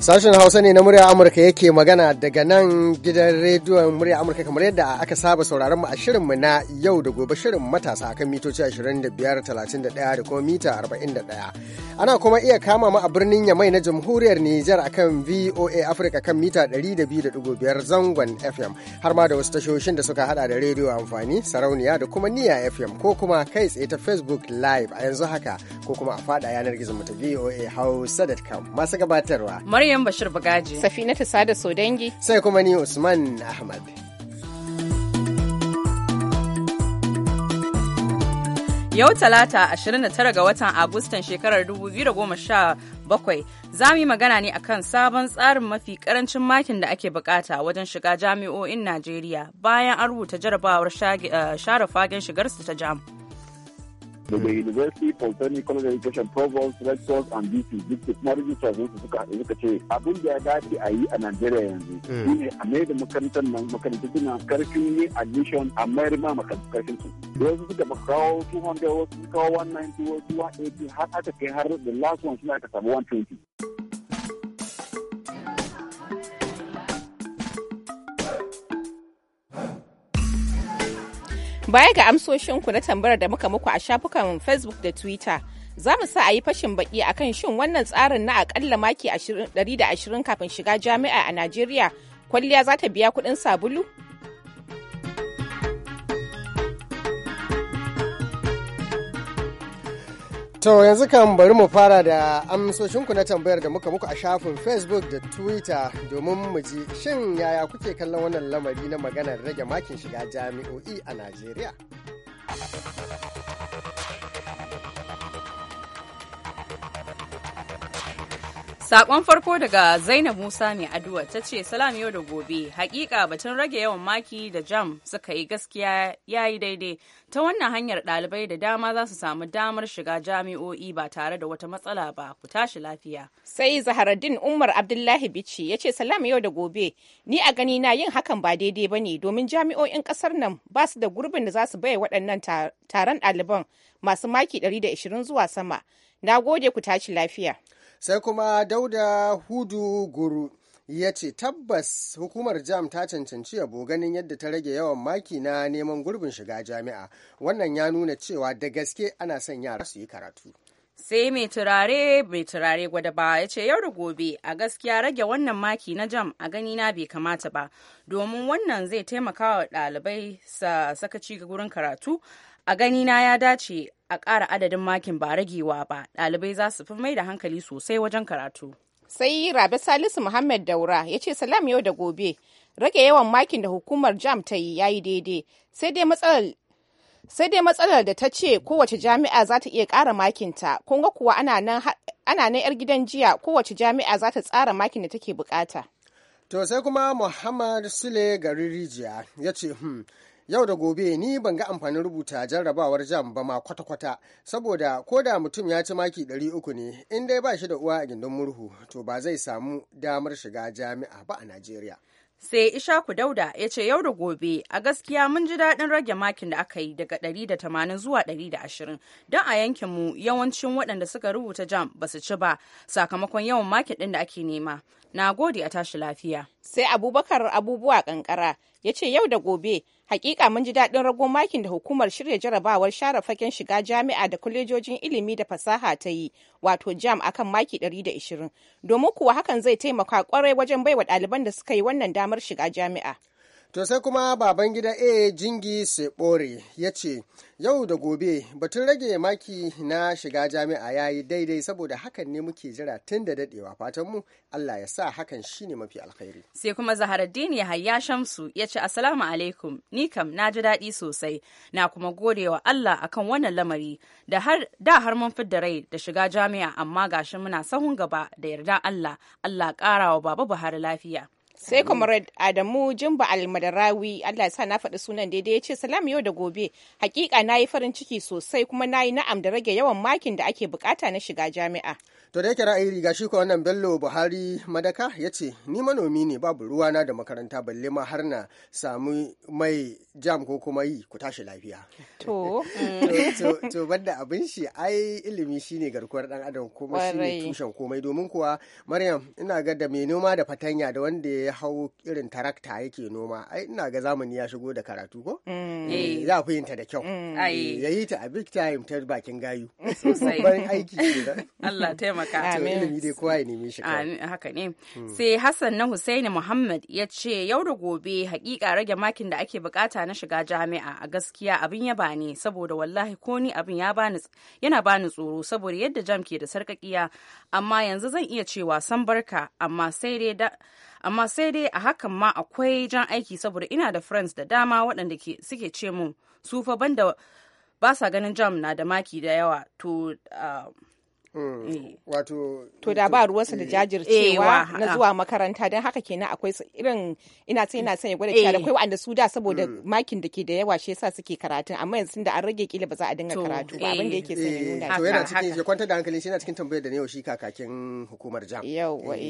Sashen Hausa ne na murya Amurka yake magana daga nan gidan rediyon murya Amurka kamar yadda aka saba sauraron mu a shirinmu na yau da gobe shirin matasa akan mitoci 2531 da kuma mita 41. Ana kuma iya kama mu a birnin Yamai na Jamhuriyar Nijar akan VOA Africa kan mita 200.5 zangon FM har ma da wasu tashoshin da suka hada da rediyo amfani sarauniya da kuma niya FM ko kuma kai tsaye ta Facebook live a yanzu haka ko kuma a fada yanar gizo mu ta VOA Hausa.com masu gabatarwa. Maryam Bashir Bagaji. Safina Sada Sodangi. Sai kuma ni Usman Ahmad. Yau Talata 29 ga watan Agustan shekarar 2017 za mu yi magana ne akan sabon tsarin mafi karancin makin da ake bukata wajen shiga jami'o'in Najeriya bayan an rubuta jarabawar eh, share fagen shigarsu ta jam. the university polytechnic college education provost rectors and dc duk kuma registrar su suka haɗu suka ce abin da ya dace a yi a nigeria yanzu hmm. ne a mai da makarantar nan makarantar suna karfin yin admission a mayar ma makarantar karfin su wasu suka kawo 200 wasu kawo 190 wasu 180 har aka kai har da last one suna aka samu 120 Baya ga amsoshinku na tambayar da muka muku a shafukan Facebook da Twitter, za mu sa a yi fashin baki akan shin wannan tsarin na akalla maki 120 kafin shiga jami'a a Najeriya kwalliya za ta biya kuɗin sabulu? To yanzu kan bari mu fara da amsoshinku na tambayar da muka muku a shafin Facebook da Twitter domin mu ji shin yaya kuke kallon wannan lamari na maganar rage makin shiga jami'o'i a Najeriya? Sakon farko daga Zainab Musa mai aduwa ta ce salam yau da gobe hakika batun rage yawan maki da jam suka yi gaskiya yayi daidai ta wannan hanyar ɗalibai da dama za su samu damar shiga jami'o'i ba tare da wata matsala ba ku tashi lafiya sai zaharaddin umar abdullahi bici ya ce salam yau da gobe ni a gani na yin hakan ba daidai ba ne domin jami'o'in ƙasar nan ba su da gurbin da za su bai waɗannan taron ɗaliban masu maki ɗari da 120 zuwa sama na gode ku tashi lafiya sai kuma dauda hudu guru ya ce tabbas hukumar jam ta cancanci yabo ganin yadda ta rage yawan maki na neman gurbin shiga jami'a wannan ya nuna cewa da gaske ana son yara su yi karatu sai mai turare mai turare gwada ba ya ce yau da gobe a gaskiya rage wannan maki na jam a gani na bai kamata ba domin wannan zai taimaka wa ɗalibai sa sakaci ga gurin karatu a gani na ya dace a ƙara adadin makin ba ragewa ba ɗalibai za su fi mai da hankali sosai wajen karatu sai rabe salisu muhammad daura ya ce salam yau da gobe rage yawan makin da hukumar jam ta yi yayi daidai sai dai matsalar da ta ce kowace jami'a za ta iya ƙara makinta kunga kuwa ana nan yar gidan jiya kowace jami'a za ta tsara makin da take bukata to sai kuma muhammad sule gari rijiya ya ce hmm, yau da gobe ni ban ga amfanin rubuta jarrabawar jam ba ma kwata-kwata saboda ko da mutum ya ci maki 300 ne in dai ba shi da uwa a gindin murhu to ba zai samu damar shiga jami'a ba a najeriya sai ishaku dauda ya ce yau da gobe a gaskiya mun ji daɗin rage makin da aka yi daga 180 zuwa 120 don a yankinmu yawancin waɗanda suka rubuta jam ba su ci ba sakamakon yawan makin ɗin da ake nema Na gode a tashi lafiya. Sai Abubakar abubuwa kankara ya ce yau da gobe hakika mun ji daɗin rago makin da hukumar shirya jarabawar share fagen shiga jami'a da kwalejojin ilimi da fasaha ta yi wato jam akan maki 120 domin kuwa hakan zai taimaka kwarai wajen baiwa ɗaliban da suka yi wannan damar shiga jami'a. To sai kuma baban gida A Jingi Sebore ya ce, Yau da gobe batun rage maki na shiga jami'a ya yi daidai saboda hakan ne muke jira tun da dadewa mu Allah ya sa hakan shine mafi alkhairi. Sai kuma Zaharaddini hayya Shamsu ya ce asalamu alaikum ni kam na ji daɗi sosai na kuma gode wa Allah akan wannan lamari da har da har mun fidda rai da shiga jami'a amma gashi muna sahun gaba da yarda Allah Allah ƙara wa Baba Buhari lafiya. Sai Comrade Adamu jimba Almadarawi Allah ya sa na faɗi sunan daidai ya ce salam yau da gobe hakika na yi farin ciki sosai kuma na yi na'am da rage yawan makin da ake bukata na shiga jami'a. to da yake ra'ayi riga shi ko wannan bello buhari madaka ya ce ni manomi ne babu ruwana da makaranta balle ma har na samu mai jam ko kuma yi ku tashi lafiya to to banda abin shi ai ilimi shine garkuwar dan adam kuma shine tushen komai domin kuwa maryam ina ga da mai noma da fatanya da wanda ya hau irin tarakta yake noma ai ina ga zamani ya shigo da karatu ko mm. eh, eh. za a yin da kyau mm. eh, yayi ta a big time ta bakin gayu sosai aiki Allah taimaka taimaka. Amin. Ilimi dai kowa haka ne. Hmm. Sai Hassan na husaini Muhammad ya ce yau da gobe hakika rage makin da ake bukata na shiga jami'a a gaskiya abin ya ne saboda wallahi ko ni abin ya bani yana bani tsoro saboda yadda jam ke da sarkakiya amma yanzu zan iya cewa san barka amma sai dai da amma sai dai a hakan ma akwai jan aiki saboda ina da friends da dama waɗanda suke ce mun su fa banda ba sa ganin jam na da maki da yawa to ah, Mm. Eh. wato to da ba ruwansa da eh. jajircewa eh, na ah. zuwa makaranta don haka kenan akwai irin ina sai ina sanya gwada cewa akwai wanda su da saboda mm. makin da ke da yawa shi yasa suke karatu amma yanzu da an rage kila ba za a dinga karatu ba abin da yake sanya ya nuna to yana cikin ya kwantar da hankali shi yana cikin tambayar da ne shi kakakin hukumar jam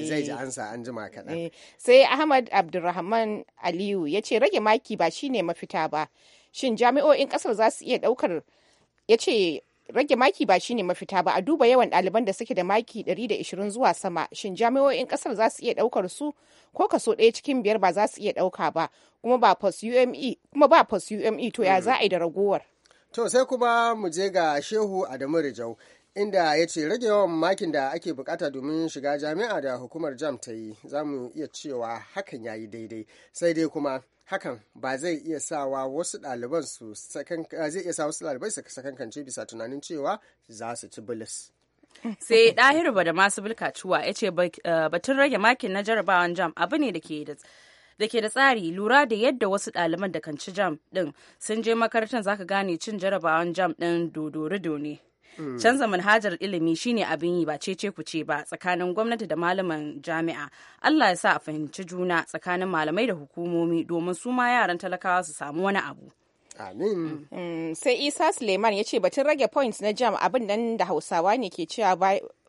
zai ji ansa an jima kaɗan sai Ahmad Abdulrahman Aliyu ya ce rage maki ba shine mafita ba shin jami'o'in kasar za su iya daukar ya ce rage maki ba shine mafita ba a duba yawan ɗaliban da suke da maki 120 zuwa sama shin jami'o'in ƙasar za su iya ɗaukar su ko kaso ɗaya cikin biyar ba za su iya ɗauka ba kuma ba post ume kuma ba post ume to ya hmm. za a yi da ragowar to sai kuma mu je ga shehu adamu rijau inda ya ce rage yawan makin da ake bukata domin shiga jami'a da hukumar jam ta yi za mu iya cewa hakan ya yi daidai sai dai kuma hakan ba zai iya sawa wasu ɗaliban su eh, zai iya sa wasu ɗalibai su sakankance bisa tunanin cewa za su ci bilis. sai ɗahiru ba da masu bilkacuwa ya ce eh, batun rage makin na jarabawan jam abu ne da ke da ke da tsari lura da yadda wasu ɗaliban da kan ci jam ɗin sun je makarantar zaka gane cin jarabawan jam ɗin dodorido ne Mm. Canza manhajar ilimi shine abin yi ba cece ku ce ba tsakanin gwamnati da malaman jami'a. Allah ya sa a fahimci juna tsakanin malamai da hukumomi domin su ma yaran talakawa su samu wani abu. Amin. Mm. Mm. sai Isa Suleiman ya ce batun rage points na jam abin nan da Hausawa ne ke cewa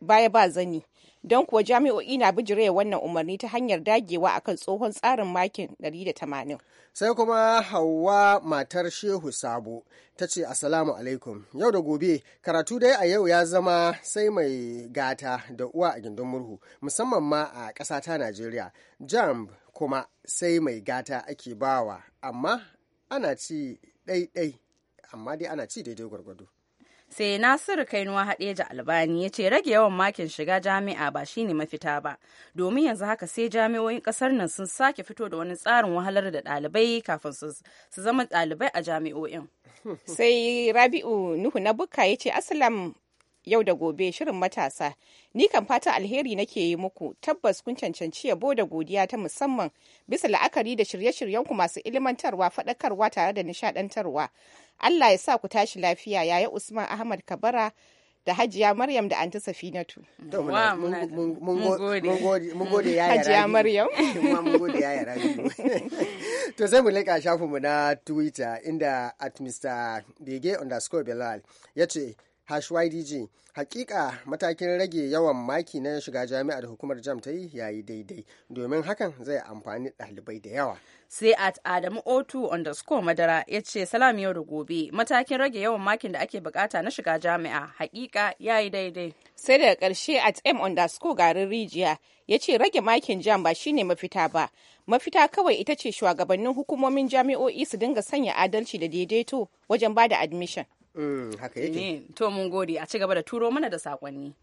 baya ba zani. don kuwa jami'o'i na bijire wannan umarni ta hanyar dagewa a kan tsohon tsarin makin 180. Sai kuma Hauwa matar Shehu Sabo ta ce asalamu alaikum yau da gobe karatu dai a yau ya zama sai mai gata da uwa a gindin murhu musamman ma a ƙasa ta Najeriya. Jamb kuma sai mai gata ake bawa amma ana ci amma dai ana ci daidai gwargwado. sai nasiru kainuwa haɗeja albani ya ce rage yawan makin shiga jami'a ba shine mafita ba domin yanzu haka sai jami'o'in ƙasar nan sun sake fito da wani tsarin wahalar da ɗalibai kafin su zama ɗalibai a jami'o'in sai rabi'u nuhu na buka ya ce asalam yau da gobe shirin matasa ni kan fata alheri nake yi muku tabbas kun cancanci yabo da godiya ta musamman bisa la'akari da shirye-shiryenku masu ilimantarwa faɗakarwa tare da nishaɗantarwa allah ya sa ku tashi lafiya yaya usman ahmad kabara da hajiya maryam da anti safinatu mun gode mm. hajiya maryam to sai mu leƙa shafinmu na twitter inda at mr underscore belal ya ce ydg hakika matakin rage yawan maki na shiga jami'a da hukumar jam ta yi yayi daidai domin hakan zai amfani ɗalibai da yawa sai at adamu o otu underscore madara ya ce salam yau da gobe matakin rage yawan makin da ake bukata na shiga jami'a hakika yayi daidai sai daga karshe at m underscore garin rijiya ya ce rage makin jam ba shine mafita ba mafita kawai ita ce shugabannin hukumomin jami'o'i su dinga sanya adalci da daidaito wajen bada admission Mm, haka yake to mun gode a ci gaba da turo mana da sakonni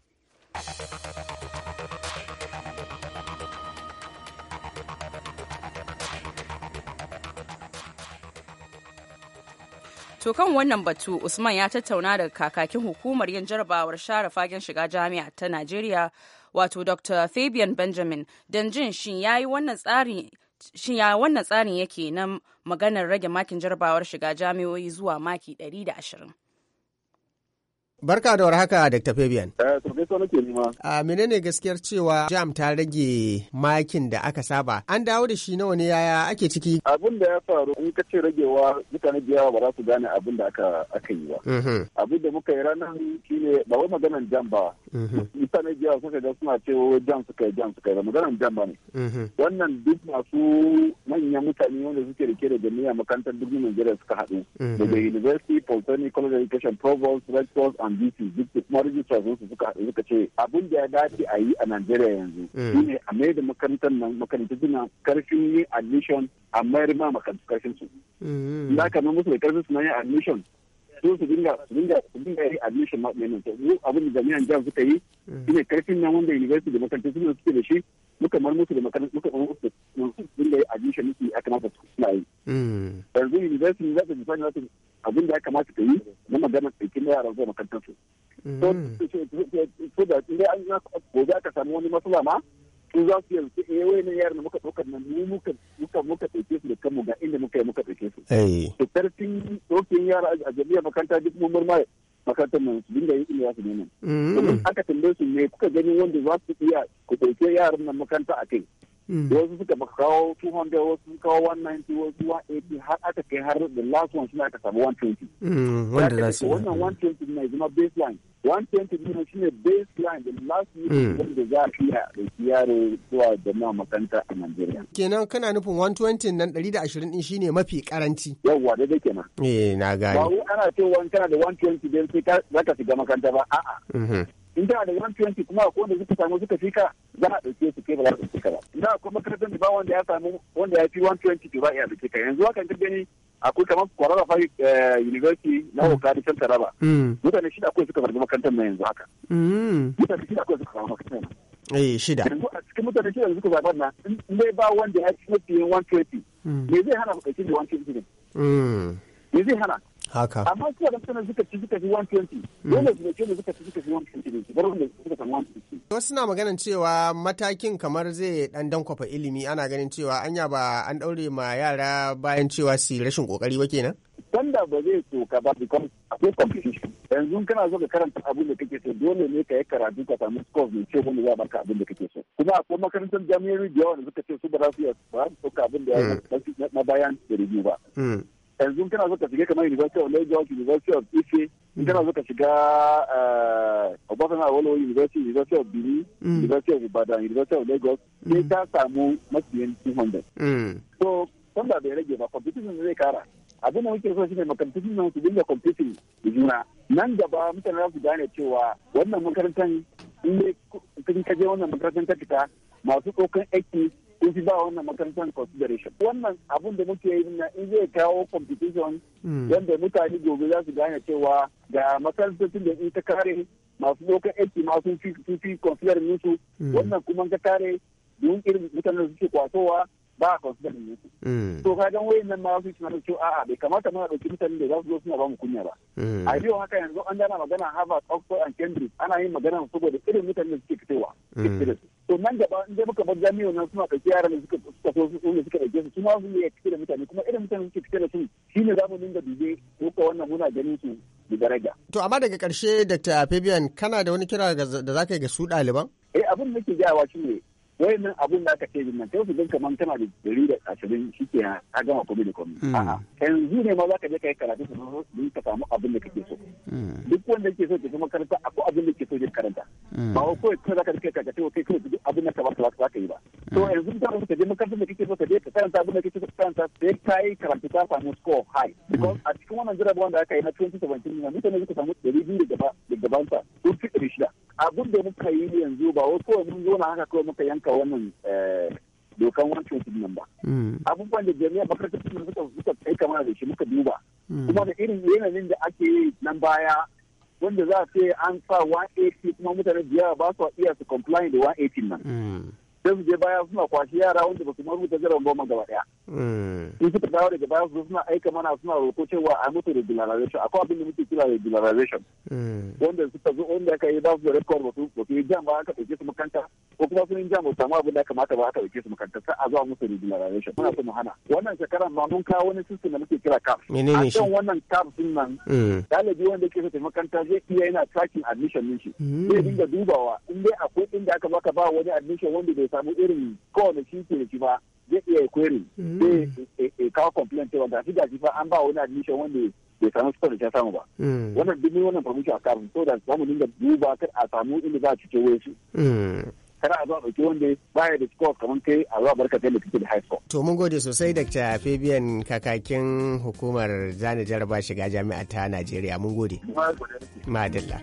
To kan wannan batu Usman ya tattauna da kakakin hukumar yin jarabawar share fagen shiga jami'a ta Najeriya wato Dr. Fabian Benjamin don jin shin ya yi wannan tsari shin ya wannan tsarin yake na maganar rage makin jarabawar shiga jami'o'i zuwa maki 120 Barka da warhaka Dr. Fabian. Eh, to gaisuwa ke nima. A menene gaskiyar cewa jam ta rage makin da aka saba? An dawo da shi nawa ne yaya ake ciki? Abin da ya faru in ka ce ragewa mutane da yawa ba za su gane abin da aka aka yi ba. Mm-hmm. Abin da muka yi ranar shine ba wai maganan jam ba. Mm-hmm. Mutane da yawa suka ga suna cewa jam suka yi jam suka yi ba maganan jam ba ne. Mm-hmm. Wannan duk masu manyan mutane wanda suke rike da jami'a makarantar duk Najeriya suka haɗu. Daga University, Polytechnic, College of Education, Provost, Rectors, and dc duk da kuma rijista rijistar su suka haɗu suka ce abin da ya dace a yi a najeriya yanzu eh. shine a mai da makarantar nan makarantar suna karfin yin admission a mayar ma makarantar karfin su mm-hmm. za ka nan musu da karfin su na yin admission su su dinga su dinga su dinga yin admission ma ɗaya nan abin da jami'an jihar suka yi mm. shine karfin nan wanda university da makarantar suna suke da shi muka mar musu da makarantar muka mar musu da ya admission musu ya kamata su suna yi. Mm. Yanzu university za ta jifani za ta abin da ya kamata ta yi na magana ɗauki na yaran zuwa makarantar su. Mm. So da in an yi gobe aka samu wani matsala ma su za su yanzu eh wai na yaran muka ɗaukar nan mu muka muka muka ɗauke su da kanmu ga inda muka yi muka ɗauke su. Eh. To karfin ɗaukin yara a jami'a makaranta duk mun murmaya makarantar mu su dinga yin inda ne nan mm. aka tambaye su me kuka gani wanda za su iya ku ɗauke yaran nan makaranta a kai. Mm. wasu suka kawo 200 wasu suka kawo 190 wasu 180 har aka kai har the last one suna aka samu 120 mm, wanda za su wannan 120 ne zama baseline 120 ne shine baseline the last year mm. wanda za a fiya da yaro zuwa jama'a makanta a Najeriya kenan kana nufin 120 nan 120 din shine mafi karanci yawwa da dai kenan eh na gani ba ana cewa kana da 120 dan sai ka zaka shiga makanta ba a'a mm-hmm. in da da yawan tuyanci kuma akwai wanda suka samu suka fika za a ɗauke su ke ba za su fika ba da akwai makarantar da ba wanda ya samu wanda ya fi 120 to ba iya ɗauke ka yanzu haka ka gani akwai kamar kwararra fa eh, university na hokari hmm. can taraba hmm. mutane shida akwai suka zargi makarantar na yanzu haka hmm. mutane shida akwai suka samu makarantar na Eh, shida. Yanzu a cikin mutane shida suka zaɓar na in dai ba wanda ya fi mafi wan me zai hana mu ɗauki da 120 ne. Me zai hana? haka amma su da suka suka ci suka ci 120 hmm. dole su ne suka ci suka ci 120 ne bar wanda suka san 120 wasu na maganin cewa matakin kamar zai dan dankwafa ilimi ana ganin cewa anya ba an daure ma yara bayan cewa su rashin kokari ba kenan sanda ba zai so ka ba because akwai competition yanzu kana zo ka karanta abin da kake so dole ne ka yi karatu ka samu scores mai ce wanda za baka abin da kake so kuma kuma makarantar jami'ai da yawa da suka ce su ba za su iya ba su abin da ya hmm. na bayan da review ba hmm. yanzu kana zo ka shiga kamar university of lagos university of ife in kana zo ka shiga eh, obafana awolowo university university of benin mm. university of ibadan university of lagos mm. sai ta samu matsiyan 200 mm. so sanda bai rage ba competition zai kara abin da muke so shi ne makarantun nan su dinga competing da juna nan gaba mutane za su gane cewa wannan makarantar in dai kun kaje wannan makarantar ta fita masu tsokan aiki sun fi ba wannan makarantar consideration wannan abun da muke yi na in zai kawo competition hmm. yadda mutane gobe za su gane cewa ga makarantar da in ta kare masu dokar aiki masu sun fi consider musu hmm. wannan kuma ka kare don irin mutanen da suke kwasowa ba a consider din su mm. to ka ga nan ma su suna to a bai kamata muna dauki mutane da za su zo suna ba mu kunya ba mm. a yau haka yanzu an dana magana Harvard Oxford and Cambridge ana yin magana saboda irin mutane da suke mm. fitowa to nan gaba in dai muka bar jami'o nan suna kai yaran da suka suka so su ne suka ɗauke su kuma su ne fito da mutane kuma irin mutane suke fito da su shine za mu dinga dube ko wannan muna ganin su da daraja. To amma daga karshe Dr. Fabian kana da wani kira da za ka yi ga su ɗaliban? Eh abin da nake gyawa shi ne wayannan abun da aka ce din nan sai su dinka man tana da dari da ashirin shi ke ka gama komai da komai mm. yanzu ne ma za ka je ka yi karatu su don ka samu abin da kake so mm. duk wanda ke so ke kuma karanta akwai abin da ke so ke karanta mm. ba wa kawai kawai za ka dinka karatu kai kawai duk abin da ka ba za ka yi ba to yanzu da ka je makarantar da kake so ka je ka karanta abin da kake so ka karanta sai ka yi karatu ka samu score high because a cikin wannan jirage wanda aka yi na 2017 na mutane suka samu dari biyu da gaba da gabansa ko fi ɗari shida abin da muka yi yanzu ba wasu kawai mun zo na haka kawai muka yanka wannan eh, dokan wancan su nan ba. Mm. Abubuwan da jami'a makarantar su suka suka kai kama da shi muka duba. Mm. Kuma da irin yanayin da ake yi nan baya wanda za a ce an sa 180 kuma mutane da yawa ba su iya su comply da 180 nan. Mm. sai su je baya suna kwashe yara wanda ba su ma rubuta jiran goma gaba daya in hmm. suka dawo daga baya su suna aika mana suna roƙo cewa a mutu regularization akwai abin da muke kira regularization hmm. wanda suka zo wanda aka yi ba su da record ba su yi jan ba aka ɗauke su makanta ko kuma sun ja mu samu abin da kamata ba haka dauke su makarantar sa a zuwa musu regularization muna so mu hana wannan shekaran ma mun kawo wani system da muke kira CAP menene shi wannan CAP din nan mm. dalibi wanda ke so makaranta zai iya yana tracking admission din shi mm. zai dinga dubawa in dai akwai inda aka baka ba wani admission wanda bai samu irin kowane shi ke shi ba zai iya query mm. zai eh, eh, eh, kawo complaint a gashi shi fa an ba wani admission wanda bai samu sukar da samu ba. Wannan duk wannan permission a kafin so da zamu dinga duba kar a samu inda za a cike wasu. kada a zo ɗauki wanda baya da score kamar kai a zuwa barka da kake da high To mun gode sosai Dr. Fabian kakakin hukumar zane jaraba shiga jami'a ta Najeriya mun gode. Madalla.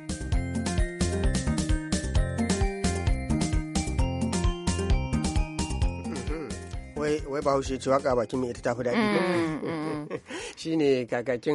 wai bahaushe ce waka bakin mai ita tafi daɗi mm, mm, mm. shi ne kakakin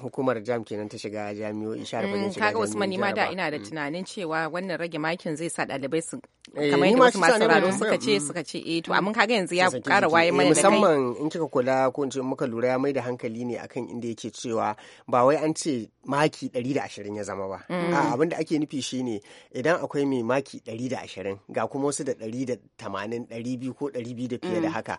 hukumar jam kenan ta shiga jami'o'i sharafin shiga jami'o'i kaga usmani ma da ina da tunanin cewa wannan rage makin zai sa ɗalibai su Eh, kamar yadda wasu masu sauraro suka ce suka ce eh to amma kaga yanzu ya kara waye eh, mana da kai musamman in kika kula ko in ce muka lura ya mai da hankali ne akan inda yake cewa ba wai an ce maki 120 ya zama ba mm. a abin da ake nufi shine idan akwai mai maki 120 ga kuma wasu da 180 200 ko 200 da fiye da mm. haka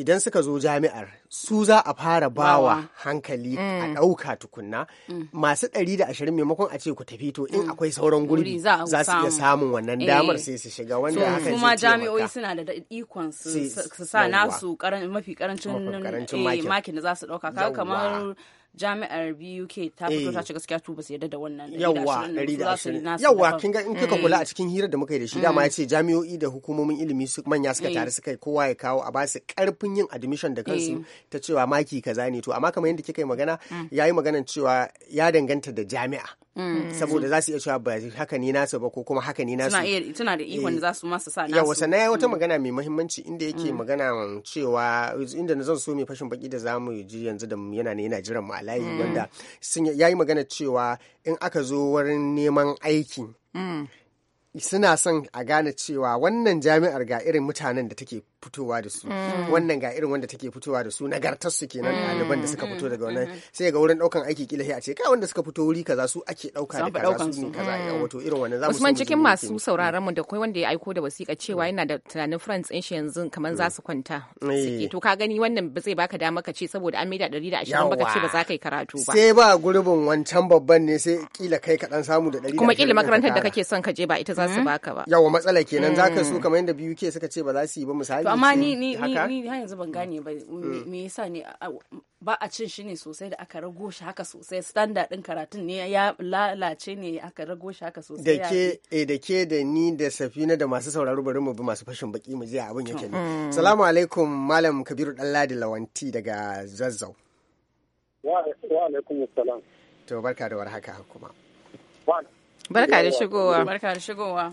idan suka zo jami'ar su za a fara bawa hankali a mm. ɗauka tukunna mm. masu ɗari da ashirin maimakon a ce ku tafi to in mm. akwai sauran gurbi za su iya samun wannan damar eh. sai su shiga wanda hakan kuma jami'oi suna da ikon su sa nasu mafi karancin eh, makin da za su ɗauka kamar jami'ar BUK ta fito eh. ta ce gaskiya tu ba su yarda da wannan yawa yawa kin ga in kika eh. kula a cikin hirar da muka yi da shi mm. dama ya jami'o'i da hukumomin ilimi su manya suka eh. tare suka kowa ya kawo a basu karfin yin admission da kansu ta cewa maki kaza ne to amma kamar yadda kika yi magana mm. yayi magana cewa ya danganta da jami'a mm. saboda za su iya cewa ba haka ne nasu ba ko kuma haka ne nasu tana da ihon da za su masu sa nasu yawa sannan ya wata magana mai mahimmanci inda yake magana cewa inda na zan so mai fashin baki da zamu ji yanzu da yana ne yana jiran mu alayi mm. wanda ya yi magana cewa in aka zo wurin neman aiki mm. suna son a gane cewa wannan jami'ar ga irin mutanen da take fitowa da su mm. wannan ga irin wanda take fitowa da su nagartar su kenan mm. ɗaliban da suka fito daga wannan mm-hmm. sai ga wurin ɗaukan aiki kila a ce kai wanda suka fito wuri kaza su ake ɗauka da kaza su ne kaza mm. ya wato irin wannan zamu Usman cikin masu sauraron mu da kai wanda ya aiko da wasiƙa cewa yana da tunanin France ɗin shi yanzu kaman za su kwanta eh. to ka gani wannan ba zai baka dama ka ce saboda an maida 120 baka ce ba za ka yi karatu ba sai ba gurbin wancan babban ne sai kila kai ka dan samu da 120 kuma kila makarantar da kake son ka je ba ita za su baka ba yawa matsala kenan zaka so kamar yadda biyu ke suka ce ba za su yi ba misali amma ni ni ni har yanzu ban gane ba me mm. yasa ne ba a cin shi ne sosai da aka rago shi haka sosai standard din karatun ne ya lalace ne aka rago shi haka sosai da ke eh da ke da ni da Safina da masu sauraro bari mu bi masu fashin baki mu je abin yake ne assalamu mm. alaikum malam Kabiru Danladi Lawanti daga Zazzau wa alaikum assalam to barka da warhaka kuma barka da shigowa barka da shigowa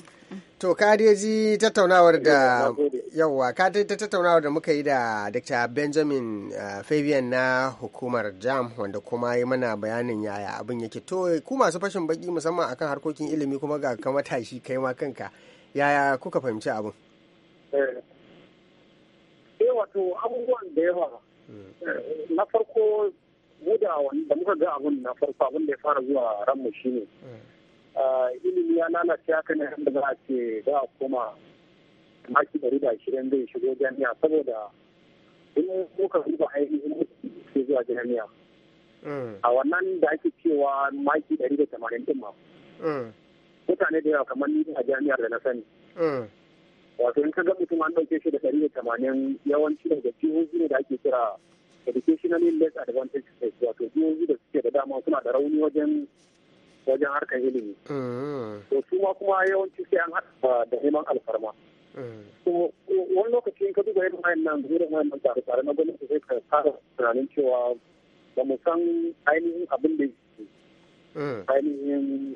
to ka ji tattaunawar da yawwa ka ta tattaunawa da muka yi da dr benjamin eh, fabian na hukumar jam wanda kuma yi mana bayanin yaya abin yake to ku masu fashin baki musamman akan harkokin ilimi kuma ga ka matashi kai ma kanka yaya kuka fahimci abin eh, eh, hmm. eh na farko mu da wanda muka ga abun na farko abin da ya fara zuwa ranmu shine hmm. ilimi ya lalace haka ne da za a ce za a koma maki ɗari da ashirin zai shigo jami'a saboda in kuka duba ainihin ke zuwa jami'a mm. a wannan da ake cewa maki ɗari da tamanin ɗin ma mm. mutane da yawa kamar ni a jami'ar da na sani mm. wato in ka ga mutum an ɗauke shi da ɗari da tamanin yawanci daga jihohi ne da ake kira educational less advantage state wato jihohi da suke da dama suna da rauni wajen wajen harkar ilimi. To su ma kuma yawanci sai an haɗa da neman alfarma. Eh, wani lokaci ka duba irin wayannan wayan nan tare tare na gwamnati sai ka fara tunanin cewa ba mu san ainihin abin da yake eh. ainihin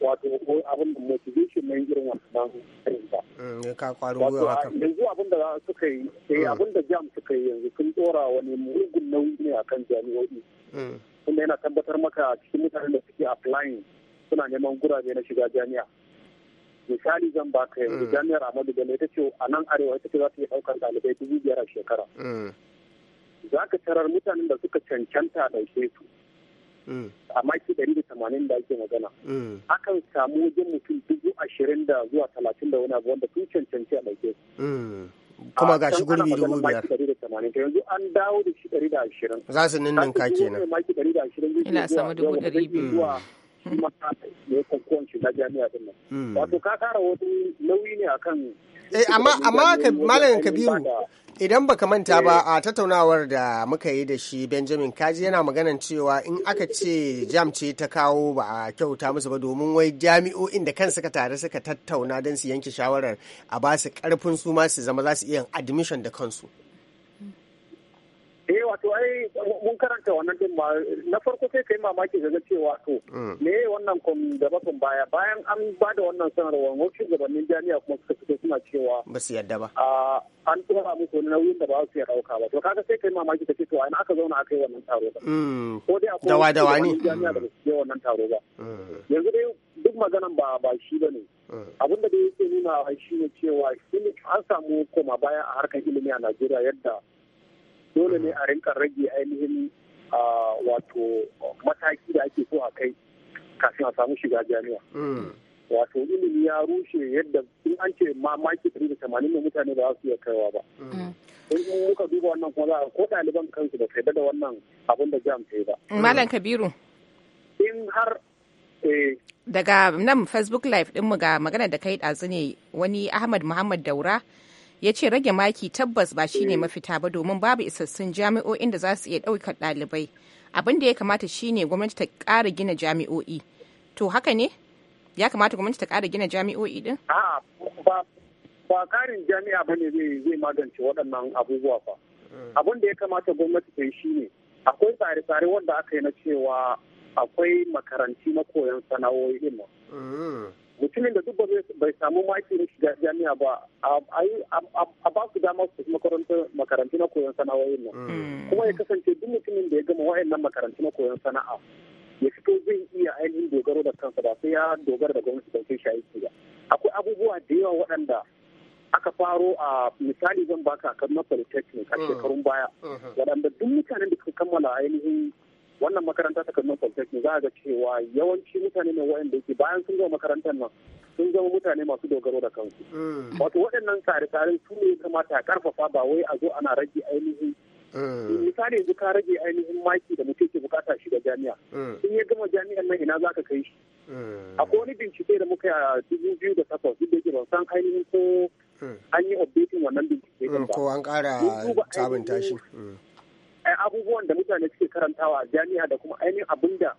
wato abin da motivation na irin wannan irin ba. Eh, ka kwaro gwiwa haka. Yanzu abin da suka yi, eh abin da jam suka yi yanzu sun tsora wani mugun nauyi ne akan jami'o'i. Kuma yana tabbatar maka cikin mutanen da suke applying suna neman gurabe na shiga jami'a. misali zan ka yanzu mm. jami'ar amadu bello ta ce a nan arewa ita ce za ta yi ɗaukar ɗalibai dubu biyar a shekara mm. za ka tarar mutanen da suka cancanta ɗauke su mm. a maki ɗari da tamanin da ake magana akan samu wajen mutum dubu ashirin da zuwa talatin da wani abu wanda sun cancanci a ɗauke su kuma ga shi gurbi dubu biyar yanzu an dawo da shi ɗari da ashirin za su ninninka kenan ina sama dubu ɗari biyu amma amma malam kabiru idan baka manta ba eh. a tattaunawar da muka yi da shi benjamin kaji yana maganan cewa in aka ce jam ce ta kawo ba a kyauta musu ba domin wai jami'o'in da kan suka tare suka tattauna don su yanke shawarar a ba su karfin su ma su zama za su iya admission da kansu eh wato ai mun karanta wannan din ma na farko sai kai mamaki ga cewa to mm. me wannan kun da bakun baya bayan an bada da wannan sanarwar wasu gabanin jami'a kuma suka fito suna cewa ba su yadda ba ah, an tsora musu wani nauyin da ba su ya dauka ba to kaga sai kai mamaki kace to ina aka zauna aka yi wannan taro ba mm. ko dai akwai dawa dawa ne jami'a da su yi wannan taro ba mm. yanzu dai duk maganan ba ba shi bane abin da dai yake nuna shi ne cewa an samu koma baya a harkar ilimi a Najeriya yadda dole ne a rinka rage ainihin wato mataki da ake so a kai kafin a samu shiga jami'a hmm. wato ilimi ya rushe yadda in an ce mamaki maki da tamanin da mutane ba su iya kaiwa ba hmm. Hmm. in muka duba wannan kuma za a ko ɗaliban kansu ba sai da wannan abin da jam ta yi ba malam kabiru in har eh, daga nan facebook live ɗinmu ga magana da kai ɗazu ne wani ahmad muhammad daura ya ce rage maki tabbas ba shine mafita ba domin babu isassun jami'o'in da za su iya ɗaukar ɗalibai abin da ya kamata shine gwamnati ta ƙara gina jami'o'i to haka ne ya kamata gwamnati ta ƙara gina jami'o'i din ba ƙarin jami'a ba ne zai magance waɗannan abubuwa ba hmm. abin da ya kamata gwamnati ta yi shine akwai tsare-tsare wanda aka yi na cewa akwai makaranti na koyon sana'o'i din mutumin da duk ba bai samu maki na shiga jami'a ba a ba su dama su makarantu na koyon sana'o'in nan mm. kuma ya kasance duk mutumin da ya gama wa'annan makarantu na koyon sana'a ya fito zai iya ainihin dogaro da kansa ba sai ya dogara da gwamnati ba sai shi ba akwai abubuwa da yawa waɗanda aka faro a misali zan baka a kan politeknik a mm. shekarun baya mm-hmm. waɗanda duk mutanen da suka kammala ainihin wannan makaranta ta kamar polytechnic za a ga cewa yawanci mutane ne wa'anda yake bayan sun zama makarantar nan sun zama mutane masu dogaro da kansu mm. wato waɗannan tsare-tsaren su ne kamata a karfafa ba wai a zo ana rage ainihin mm. misali yanzu ka rage ainihin maki da mutum ke bukata shi da jami'a mm. in ya gama jami'an nan ina za ka kai shi akwai wani bincike da muka a dubu biyu da takwas duk da yake ban san ainihin ko an yi updating wannan bincike ko an kara sabunta shi abubuwan da mutane suke karantawa a jami'a da kuma ainihin abin da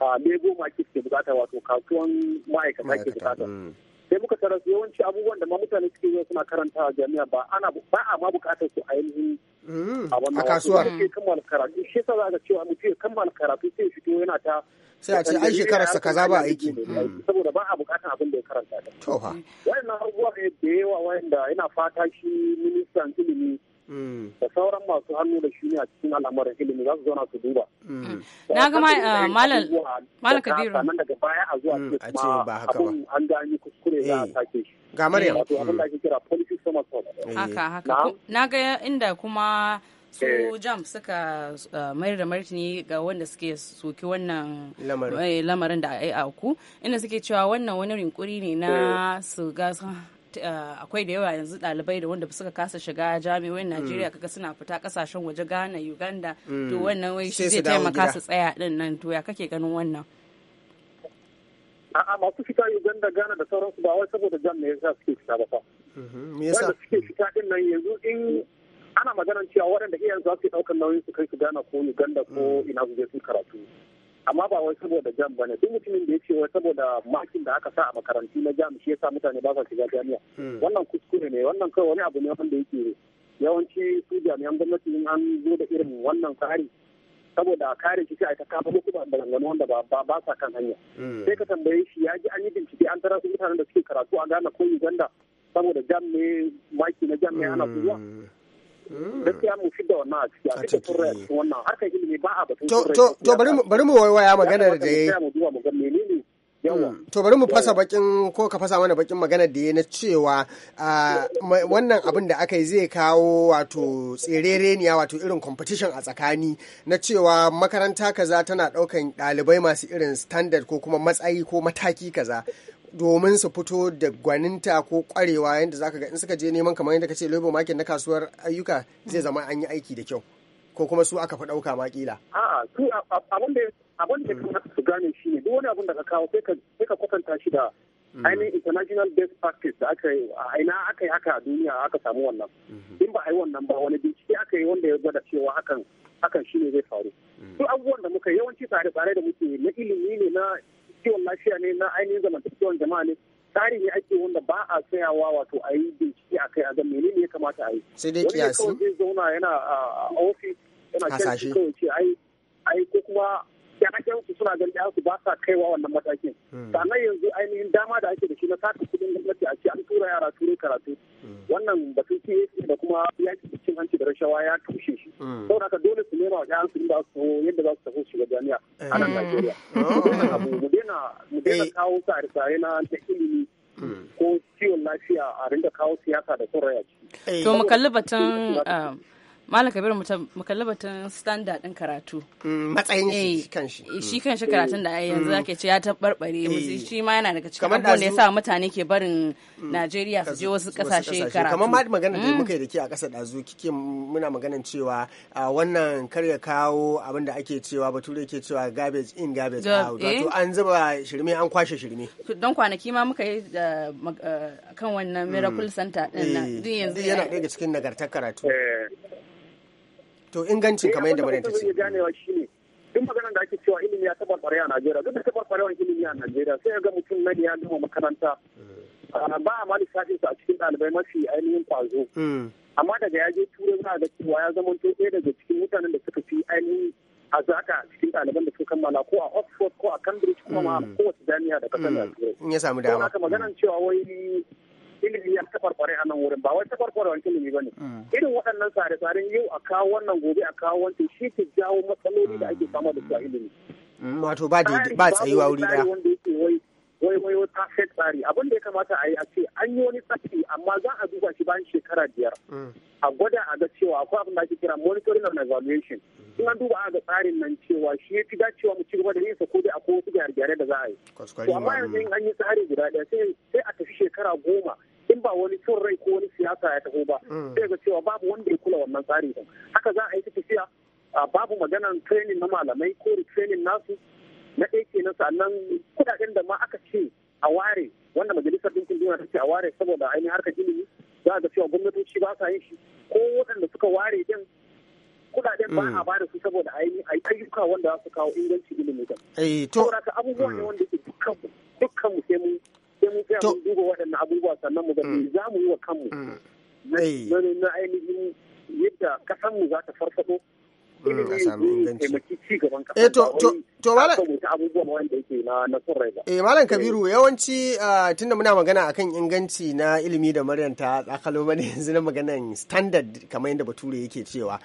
ah, lego maki suke bukata wato kasuwan ma'aikata ke bukata mm. sai muka tara su yawanci abubuwan da ma mutane suke zuwa suna karantawa jami'a ba ana ba a ma bukatar su ainihin mm. a wannan kasuwar sai kammala karatu shi yasa za ka cewa mutum ya kammala karatu sai shi yana ta sai a ce ai shekarar sa kaza ba aiki mm. saboda ba a bukatar abin da ya karanta to fa wannan abubuwa ne da yawa wanda yana fata shi ministan ilimi Mm. da sauran masu hannu da shuni a cikin al'amuran ilimi za su zauna su duba. Mm. Na ga uh, malam Kabiru. Sannan daga baya a zuwa mm, a ce ba haka ba. An da an yi kuskure za a eh, sake shi. Ga Maryam. Wato abin da ake kira politics sama Haka eh. haka. Na ga inda kuma su eh. jam suka uh, mayar da martini ga wanda suke soki wannan lamarin da a yi a ku inda suke cewa wannan wani rinkuri ne na su ga Uh, akwai da yawa yanzu ɗalibai da wanda suka kasa shiga jami'o'in Najeriya mm. kaga suna fita kasashen waje Ghana, Uganda mm. to wannan wai shi zai taimaka su tsaya din nan to ya kake ganin wannan? A'a masu fita Uganda, Ghana da sauransu ba wai saboda jam ne yasa suke fita ba fa. Mm-hmm. Wanda suke fita din nan yanzu in ana maganar cewa waɗanda iyayen za su ɗaukar nauyin su kai su Ghana ko Uganda ko mm. ina su je su karatu. amma ba wai saboda jam bane duk mutumin da ya ce wai saboda makin da aka sa a makarantu na jam shi yasa mutane ba sa shiga jami'a hmm. wannan kuskure ne wannan kawai wani abu ne wanda yake yawanci su jami'an gwamnati in an zo da irin wannan tsari saboda kare shi sai a ta ba muku wanda ba ba sa kan hanya hmm. sai ka tambaye shi ya ji an yi bincike an tara su mutanen da suke karatu a Ghana ko Uganda saboda jam ne maki na jam ne ana hmm. zuwa gaskiya mu wannan a ciki a cikin wannan harkar ilimi ba a batun to bari mu waiwaya maganar da yayi mm, To bari mu fasa bakin ko ka fasa mana bakin maganar da ya na cewa wannan abin da aka yi zai kawo wato tserereniya wato irin competition a tsakani na cewa makaranta kaza tana daukan ɗalibai masu irin standard ko kuma matsayi ko mataki kaza domin su fito da gwaninta ko kwarewa yadda zaka ga in suka je neman kamar yadda kace lobo market na kasuwar ayyuka zai zama an yi aiki da kyau ko kuma su aka fi dauka ma su abin da abin da su gane shi ne duk wani abin da ka kawo sai ka kwatanta shi da mm. ainihin international best practice da aka yi a ina aka yi haka a duniya aka samu wannan mm-hmm. in ba a yi wannan ba wani bincike aka yi wanda ya gwada cewa hakan hakan shi ne zai faru. su mm. abubuwan da muka yawanci tsare-tsare da muke na ilimi ne na kiwon lafiya ne na ainihin zamantakewan jama'a ne tsari ne ake wanda ba a tsayawa wato a yi bincike a kai a ga menene ya kamata a yi sai dai kiyasi wani zai zauna yana a ofis yana kyanci kawai ce ai ai ko kuma yaran su suna ganin su ba sa kaiwa wannan matakin hmm. sannan yanzu ainihin dama da ake da shi na sata kudin gwamnati a ce an tura yara turai karatu hmm. wannan batun PAC da kuma yaki da cin hanci da rashawa ya tushe shi hmm. saboda haka dole su nema wa yaran su inda su yadda za su tafi shiga jami'a a nan eh. Najeriya oh. wannan abu daina kawo tsare-tsare na ta ilimi hmm. ko ciwon lafiya a rinda kawo siyasa da son raya ciki. Eh. To mu kalli batun Malam Kabiru mu kalli batun standard din karatu. Mm, matsayin eh, shi kan shi. Eh, shi kan shi karatun da yanzu mm. ake ce ya taɓarɓare musu eh. shi ma yana daga cikin abubuwan da ya sa mutane ke barin mm. Najeriya su je wasu ƙasashe karatu. Kamar ma magana da muka yi da ke a ƙasa ɗazu kike muna maganan cewa wannan kar ya kawo abin da ake cewa bature ke cewa garbage in garbage out. Wato an zuba shirme an kwashe shirme. Don kwanaki ma muka yi da kan wannan miracle center ɗin nan. Duk yanzu yana ɗaya cikin nagartar karatu. To ingancin kamar yadda Maryam ta ce. ganewa ne maganar da ake cewa ilimi ya ƙwarai a Najeriya duk da ƙwarai a ilimi a Najeriya sai ga mutum nan ya gama makaranta hmm. ah, ba a ma lissafin a cikin ɗalibai mafi ainihin kwazo. Hmm. Amma daga ya je turai za a ga cewa ya zama ɗaya daga cikin mutanen da suka fi ainihin a cikin ɗaliban da suka kammala ko a Oxford ko a Cambridge ko hmm. a kowace jami'a da ƙasar Najeriya. In ya samu dama. Ko maganar cewa wai ilimi ya tafarkware a nan wurin ba wai tafarkwarewan ilimi ba ne mm. irin waɗannan tsare-tsaren yau a kawo wannan gobe a kawo wancan shi ke jawo matsaloli da ake fama da su a ilimi mm, wato ba ba tsayuwa wuri yake wai wai wai set tsari abin da ya kamata a yi a ce an yi wani tsari amma za a duba shi bayan shekara biyar mm. a gwada a ga cewa akwai abin da ake kira monitoring and evaluation in an duba a ga tsarin nan cewa shi ya fi dacewa mu ci gaba da yinsa ko dai akwai wasu gyare-gyare da za a yi to amma yanzu in an yi tsari guda ɗaya sai a tafi shekara goma in ba wani cin rai ko wani siyasa ya taho ba mm. sai ga cewa babu wanda ya kula wannan tsari ba haka za a yi tafiya babu maganan training na malamai ko training nasu na ake na sannan kudaden da ma aka ce a ware wanda majalisar ɗinkin duniya ta ce a ware saboda ainihin harkar ilimi za a ga cewa gwamnatoci ba sa yin shi ko waɗanda suka ware din kudaden ba a mm. bada su saboda ainihin a ayyuka wanda za su kawo inganci ilimi da. Eh, saboda abubuwa ne mm. wanda ke dukkan mu sai mu sai mun tsaya mun duba waɗannan abubuwa sannan mu ga mm. za mu yi wa kanmu mm. na ainihin yadda kasanmu za ta farfaɗo Eh Malam Kabiru, eh. yawanci ah, tunda muna magana akan inganci na ilimi da maryanta ta tsakalo bane yanzu na maganan standard kamar yadda Bature yake cewa.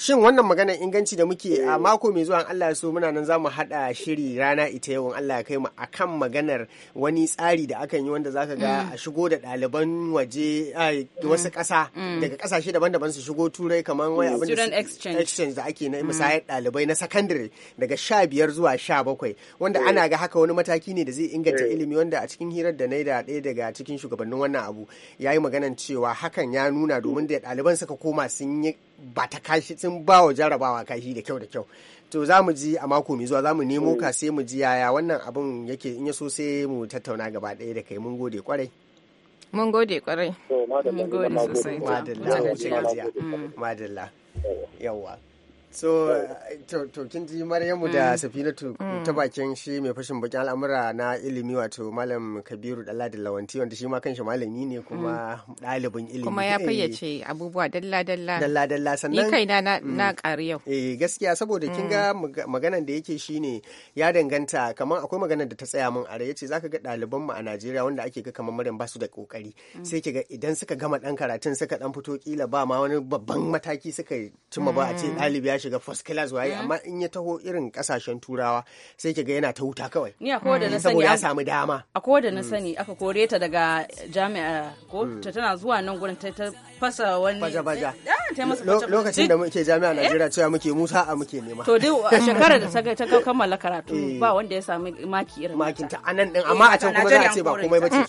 shin wannan maganar inganci da muke a eh. mako mai zuwa Allah so muna nan zamu hada shiri rana ita yau Allah ya kai mu akan maganar wani tsari da akan yi wanda zaka ga mm. a shigo da ɗaliban waje mm. wasu ƙasa mm. daga ƙasashe daban-daban su shigo turai kamar wai abin da exchange da ake na musayar ɗalibai na secondary daga sha biyar zuwa sha bakwai wanda ana eh. ga haka wani mataki ne da zai inganta eh. ilimi wanda a cikin hirar da na da ɗaya daga cikin shugabannin wannan abu ya yi maganan cewa hakan ya nuna domin da ɗaliban suka koma sun yi ba ta kashi sun ba wa jarabawa kashi da kyau da kyau to za mu ji a mako mai zuwa za mu nemo ka sai mu ji yaya wannan abin yake in ya so sai mu tattauna gaba ɗaya da kai mun gode kwarai mun gode kwarai mun gode sosai madalla madalla so to kin ji maryamu da mm. safinatu mm. ta bakin shi mai fashin bakin al'amura na ilimi wato malam kabiru dala da lawanti wanda shi ma kanshi malami ne kuma mm. ɗalibin ilimi kuma ya eh. fayyace abubuwa dalla dalla dalla dalla sannan ni kaina na na ƙari yau eh gaskiya saboda kin ga maganan da yake ne ya danganta kamar akwai maganan da ta tsaya min a yace zaka ga ɗaliban mu a Najeriya wanda ake ga kamar maryam basu da kokari sai ki ga idan suka gama dan karatun suka dan fito kila ba ma wani babban mataki suka cimma ba a ce ɗalibi ya shiga first class waye mm. amma in ya taho irin kasashen turawa sai ki ga yana ta wuta kawai ni akwai wanda na mm. sani ya samu dama akwai da na mm. sani aka kore ta daga jami'a ko ta tana zuwa nan gurin ta fasa wani baja-baja ah, lokacin da muke jami'a eh? najeriya cewa muke musa a muke nema to a shekarar da ta ta kammala karatu eh. ba wanda ya samu maki irin makin ta anan din amma a can kuma za a ce ba komai bace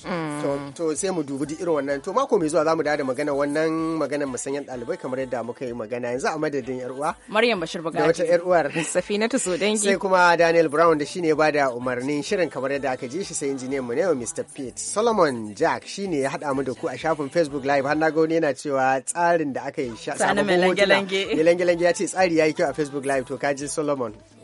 to sai mu dubi irin wannan to mako mai zuwa zamu da magana wannan maganar musanyen dalibai kamar yadda muka yi magana yanzu a madadin yar uwa maryam bashir bagaji da wata yar uwar safinatu sodangi sai kuma daniel brown da shine ba da umarnin shirin kamar yadda aka ji shi sai injiniyan mu ne mr pete solomon jack shine ya hada mu da ku a shafin facebook live har na ga wani yana cewa tsarin da aka yi sha lange ya ce tsari ya yi kyau a facebook live to kaji solomon